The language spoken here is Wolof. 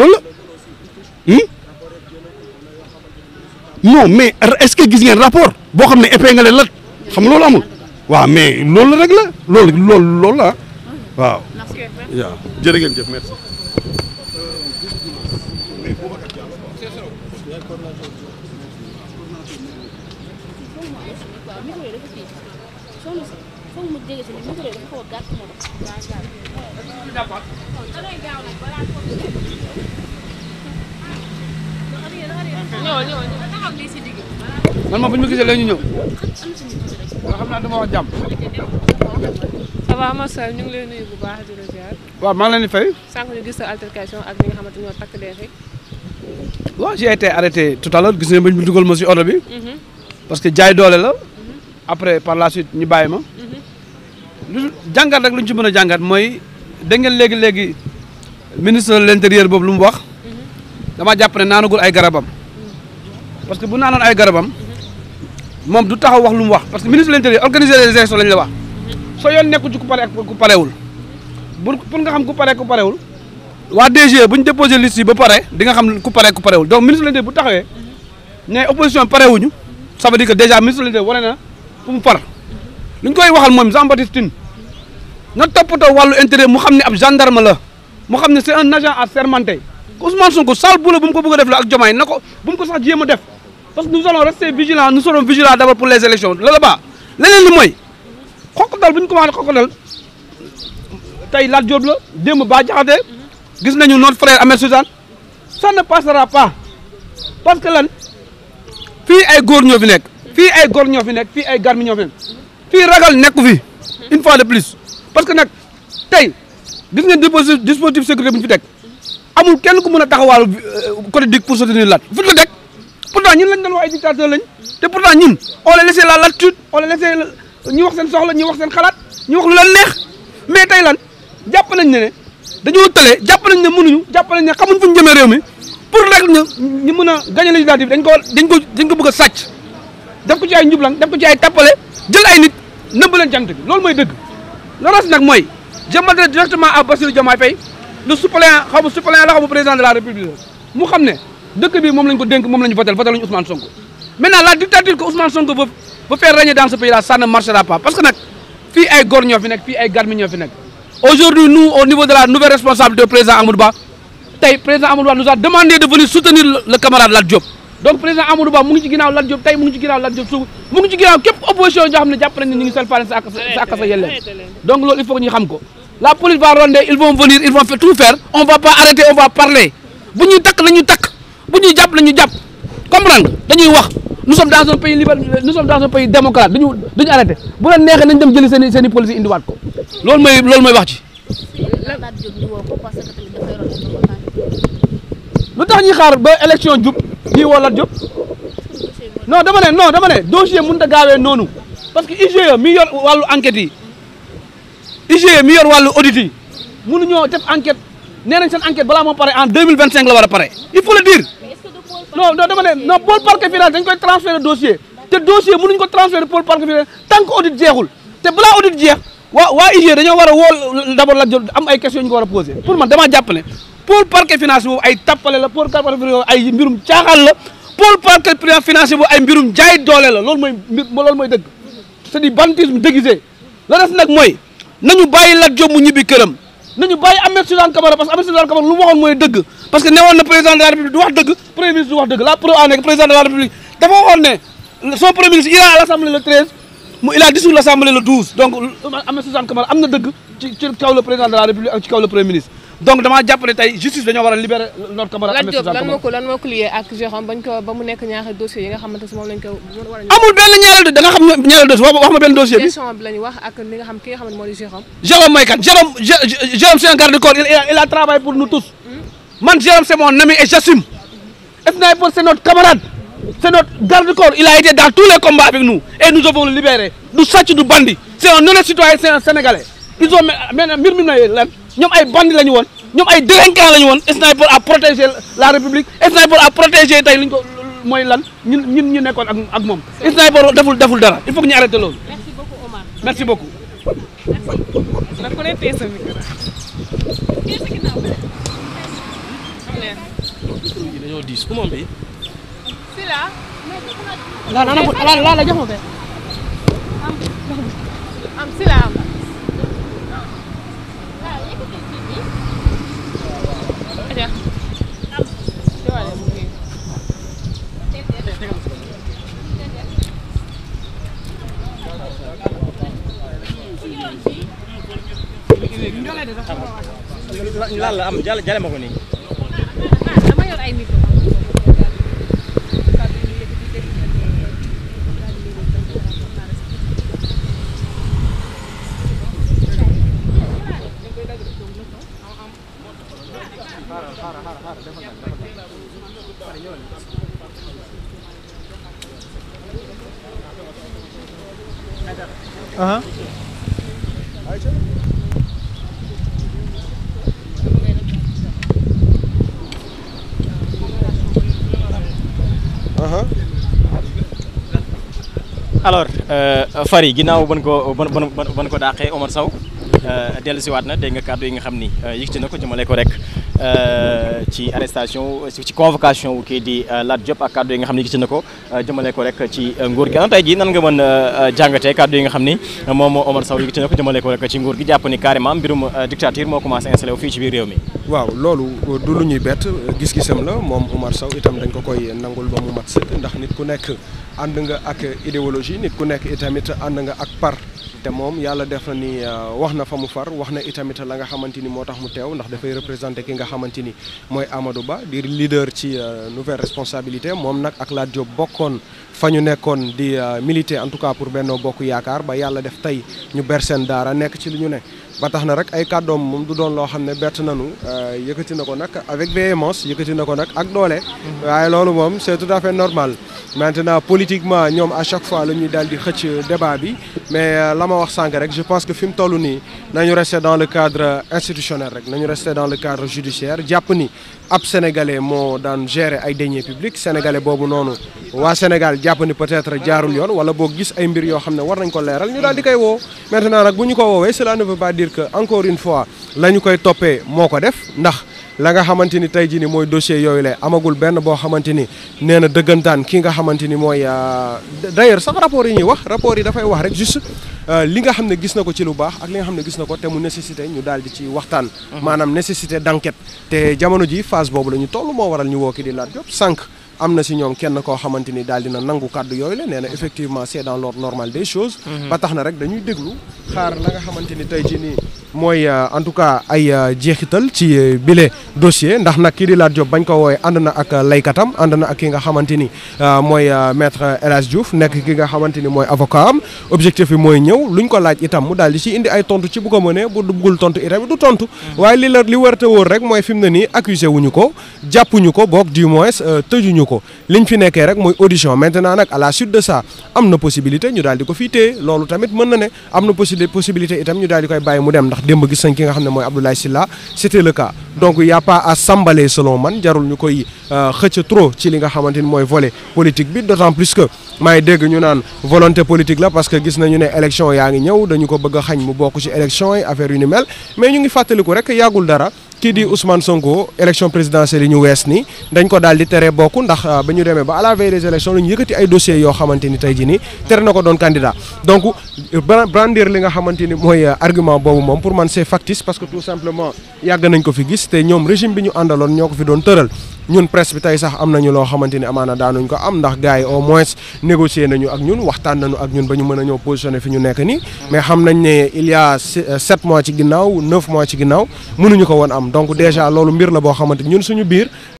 loolu la non mais est-ce que gis ngeen rapport boo xam ne épinglé lat xam loolu amul waa mais loolu la rek la loolu loolu loolu la foog mu a gàtt moom man moom bu ñu ma gisee léegi ñu ñëw. waaw xam naa dama wax jàmm. ça va ñu ngi lay nuyu bu baax di la ziar. waaw maa leen di fay. sànq gis sa altercation ak ñi nga xamante ñoo takk dee rek. waaw j'ai été arrêté tout à gis ngeen ba ñu dugal ma si oto mhm. parce que jaay doole la. après par la suite ñu bàyyi ma. lu jàngat rek lu ñu ci mën a jàngat mooy da ngeen léegi léegi ministre de boobu lu mu wax dama jàpp ne naanagul ay garabam parce que bu naanoon ay garabam moom du taxaw wax lu mu wax parce que ministre de l' intérieur organiser les élections lañ la wax soo yoon nekku ku pare ak ku parewul bu pour nga xam ku pare ku parewul waa DG bu ñu déposé liste yi ba pare di nga xam ku pare ku parewul donc ministre de l'intérieur bu taxawee ne opposition parewuñu ça veut dire que déjà ministre de l'intérieur na mu far li ñu koy waxal moom Jean Baptiste Tine na toppatoo wàllu intérêt mu xam ne ab gendarme la mu xam ne c'est un agent assermenté Ousmane Sonko sale boulot bu mu ko bëgg a def la ak Diomaye na ko bu mu ko sax jéem a def parce que nous allons rester vigilants nous serons vigilants d'abord pour les élections la la baa leneen li mooy xoqatal bu ñu commencé xoqatal la Lat Diop la démb Bah Diakhaté gis nañu notre frère Ahmed Suzanne ça ne passera pas parce que lan fii ay góor ñoo fi nekk fii ay góor ñoo fi nekk fii ay garmi ñoo fii ragal nekku fi une fois de plus parce que nag tey gis ngeen dispositif dispositif sécurité bu ñu fi teg amul kenn ku mën a taxawaalu euh, côté DIC pour soutenir LAT fu ñu ko teg pourtant ñun lañ doon wax ay dictateur lañ te pourtant ñun on a laissé la latitude on a laissé wax seen soxla ñu wax seen xalaat ñu wax lu leen neex mais tey lan jàpp nañ ne ne dañoo tëlee jàpp nañ ne mënuñu jàpp nañ ne xamuñ fu ñu jëmee réew mi pour rek ñu ñu mën a gagné législative dañ ko dañ ko dañ ko bëgg a sàcc def ko ci ay njublang def ko ci ay tappale jël ay nit nëbb leen jant loolu mooy dëgg le nag mooy je m'adresse directement à Bassirou Diomaye Faye le suppléant xaw ma la xaw ma président de la république mu xam ne dëkk bi moom lañ ko dénk moom la votel votel lañu Ousmane Sonko maintenant la dictature que Ousmane Sonko veut veut faire dans ce pays là ça ne parce que nag fii ay góor ñoo fi nekk fii ay garmi ñoo fi nekk aujourd'hui nous au niveau de la nouvelle responsabilité du président Amadou Ba tey président Amadou Ba nous a demandé de venir soutenir donc président Amadou Ba mu ngi ci ginnaaw Lat Diop tey mu ngi ci ginnaaw Lat Diop suuf mu ngi ci ginnaaw képp opposition ñoo xam ne jàpp nañ ne ñu ngi salfaane sa àq yelleen donc loolu il faut que ñu xam ko la police va ronder ils vont venir ils vont tout faire on va pas arrêter on va parler bu ñuy takk nañu takk bu ñuy jàpp nañu jàpp comprendre dañuy wax nous sommes dans un pays liber nous sommes dans bu neexee nañ dem jëli seen i seen i police yi indiwaat ko ba élection kii woo Lat Diop non dama ne non dama ne dossier a gaawee noonu parce que IGE mi yor wàllu enquête yi IGE mi yor wàllu audit yi mënuñoo def enquête nee nañ seen enquête balaa moo pare en deux mille vingt cinq la war a pare il faut le dire non non dama ne non pôle parquet final dañ koy transférer dossier te dossier mënuñ ko transférer pôle parquet final tant que audit jeexul te balaa audit jeex waa waa IGE dañoo war woo d'abord Lat Diop am ay questions yu ñu ko war pour man damaa jàpp pôle parquet financier boobu ay tappale la mbirum caaxaan la pôle financier boobu ay mbirum jaay doole la loolu mooy loolu mooy dëgg c'est du banditisme déguisé la des nag mooy nañu bàyyi Lat Diop mu ñibbi këram nañu bàyyi Ahmed Suzanne Camara parce que Ahmed Suzanne Camara lu mu mooy dëgg parce que newoon na président de la république du wax dëgg premier ministre du wax dëgg la preuve en est que président la premier ministre ira à l'assemblée le 13 mu il a dissous l'assemblée la république ak donc damaa jàpp ne tey justice dañoo war a libérer notre camarade. Lat Diop lan moo ko lan moo ko lié ak Jérôme bañ ko ba mu nekk ñaari dossier yi nga xamante ne moom lañ ko amul benn ñaareel de wax ma benn dossier bi. question bi lañ wax ak li nga xam ki nga xam moo di Jérôme. Jérôme mooy kan Jérôme Jérôme c'est un garde corps il a il pour nous tous. man Jérôme c'est mon ami et j'assume. Sniper c'est notre camarade. c'est notre garde corps il a été dans tous les combats avec ñoom ay bandi lañu woon ñoom ay délinquant lañu woon sniper à protéger la république sniper a protéger tey li ñu ko mooy lan ñun ñun ñu nekkoon ak ak moom sniper deful deful dara il faut que ñu arrêté loolu. merci beaucoup Omar. merci beaucoup. dañoo diis lan la am jàll jàll ko nii Aha. alors euh, Fary ginnaaw ban ko ban ban ban ko daaxee Omar Sow euh, dellu siwaat na dégg nga kàddu yi nga xam ni euh, yëkkati na ko jëmale ko rek ci arrestation ci convocation wu kii di euh, Lat Diop ak kàddu yi nga xam ne gis na ko euh, jëmale ko rek ci euh, nguur gi jii nan nga mën jàngatee kàddu yi nga xam ni moom Omar Sow yëkkati na ko jëmale ko rek ci nguur gi jàpp ni carrément mbirum dictature moo commencé installé wu fii ci biir réew mi waaw loolu du lu ñuy bett gis-gisam la moom Omar Sow itam dañ ko koy nangul ba mu mat sëkk ndax nit ku nekk ànd nga ak idéologie nit ku nekk itamit ànd nga ak par te moom yàlla def na ni euh, wax na fa mu far wax na itamit la nga xamante ni moo tax mu teew ndax dafay représenté ki nga xamante ni mooy Amadou Ba di leader ci euh, nouvelle responsabilité moom nag ak Lat Diop bokkoon fa ñu nekkoon di euh, militer en tout cas pour Benno Bokk Yaakaar ba yàlla def tey ñu ber seen daara nekk ci li ñu ne ba tax na rek ay kàddoom moom du doon loo xam ne bett nanu euh, yëkkati na ko nag avec véhémence yëkkati na ko nag ak doole. Mm-hmm. waaye loolu moom c'est tout à fait normal. maintenant politiquement ñoom à chaque fois la ñuy daal di xëcc débat bi mais euh, la ma wax sànq rek je pense que fi mu toll nii nañu rester dans le cadre institutionnel rek nañu rester dans le cadre judiciaire jàpp ni ab sénégalais moo daan gérer ay deniers publics sénégalais boobu noonu waa Sénégal jàpp ni peut-être jaarul yoon wala boo gis ay mbir yoo xam ne war nañ ko leeral dire que encore une fois la ñu koy toppee moo ko def ndax la nga xamante ni tey jii ni mooy dossier yooyu la amagul benn boo xamante ni neena na dëggantaan ki nga xamante ni mooy euh, d'ailleurs sax rapport yi ñuy wax rapport yi dafay wax rek juste euh, li nga xam ne gis na ko ci lu baax ak li nga xam ne gis na ko te mu nécessité ñu daal di ci waxtaan mhm. maanaam nécessité d'enquête te jamono ji phase boobu lañu ñu toll moo waral ñu woo ki di Lat Diop sànq am na si ñoom kenn koo xamante ni daal dina nangu kàddu yooyu la nee na effectivement c'est dans l'ordre normal des choses mm-hmm. ba tax na rek dañuy déglu xaar la nga xamante ni tey jii nii mooy euh, en tout cas ay euh, jeexital ci euh, bile dossier ndax nag kii di Lat bañ ko wooye ànd na ak laykatam ànd na ak ki nga xamante ni mooy maître El Hadj nekk ki nga xamante ni mooy avocat am objectif bi mooy ñëw luñ ko laaj itam mu daal di ci indi ay tontu ci bu ko mënee bu duggul tontu itam du tontu mm. waaye li la li warte wóor rek mooy fi mu ne nii accusé wuñu ko jàppuñu ko boog du moins tëjuñu ko liñ fi nekkee rek mooy audition maintenant nag à la suite de ça am na possibilité ñu daal di ko fii loolu tamit mën na ne am na possibilité ñu daal di koy bàyyi mu dem ndax démb gis nañ ki nga xam ne mooy Abdoulaye Sylla c'était le cas donc y a pas à s'emballer selon man jarul ñu koy euh, xëcc trop ci li nga xamante ni mooy vole politique bi d'autant plus que maa ngi dégg ñu naan volonté politique la parce que gis nañu ne élection yaa ngi ñëw dañu ko bëgg xañ mu bokk ci élection yi affaire yu ni mel mais ñu ngi fàttaliku rek yàggul dara kii di Ousmane Sonko élection présidentielle yi ñu wees ni dañ ko daal di tere bokk ndax euh, ba ñu demee ba à la veille des élections la ñu yëkkati ay dossiers yoo xamante ni tey jii nii tere na ko doon candidat donc brandir li nga xamante ni mooy euh, argument boobu moom pour man c'est factice parce que tout simplement yàgg nañ ko fi gis te ñoom régime bi ñu àndaloon ñoo ko fi doon tëral ñun presse bi tey sax am nañu loo xamante ni amaana daanuñ ko am ndax gars yi au moins négocier nañu ak ñun waxtaan nañu ak ñun ba ñu mën a ñëw positionné fi ñu nekk nii. mais xam nañ ne il y euh, mois ci ginnaaw neuf mois ci ginnaaw mënuñu ko woon am donc déjà loolu mbir la boo xamante ñun suñu biir.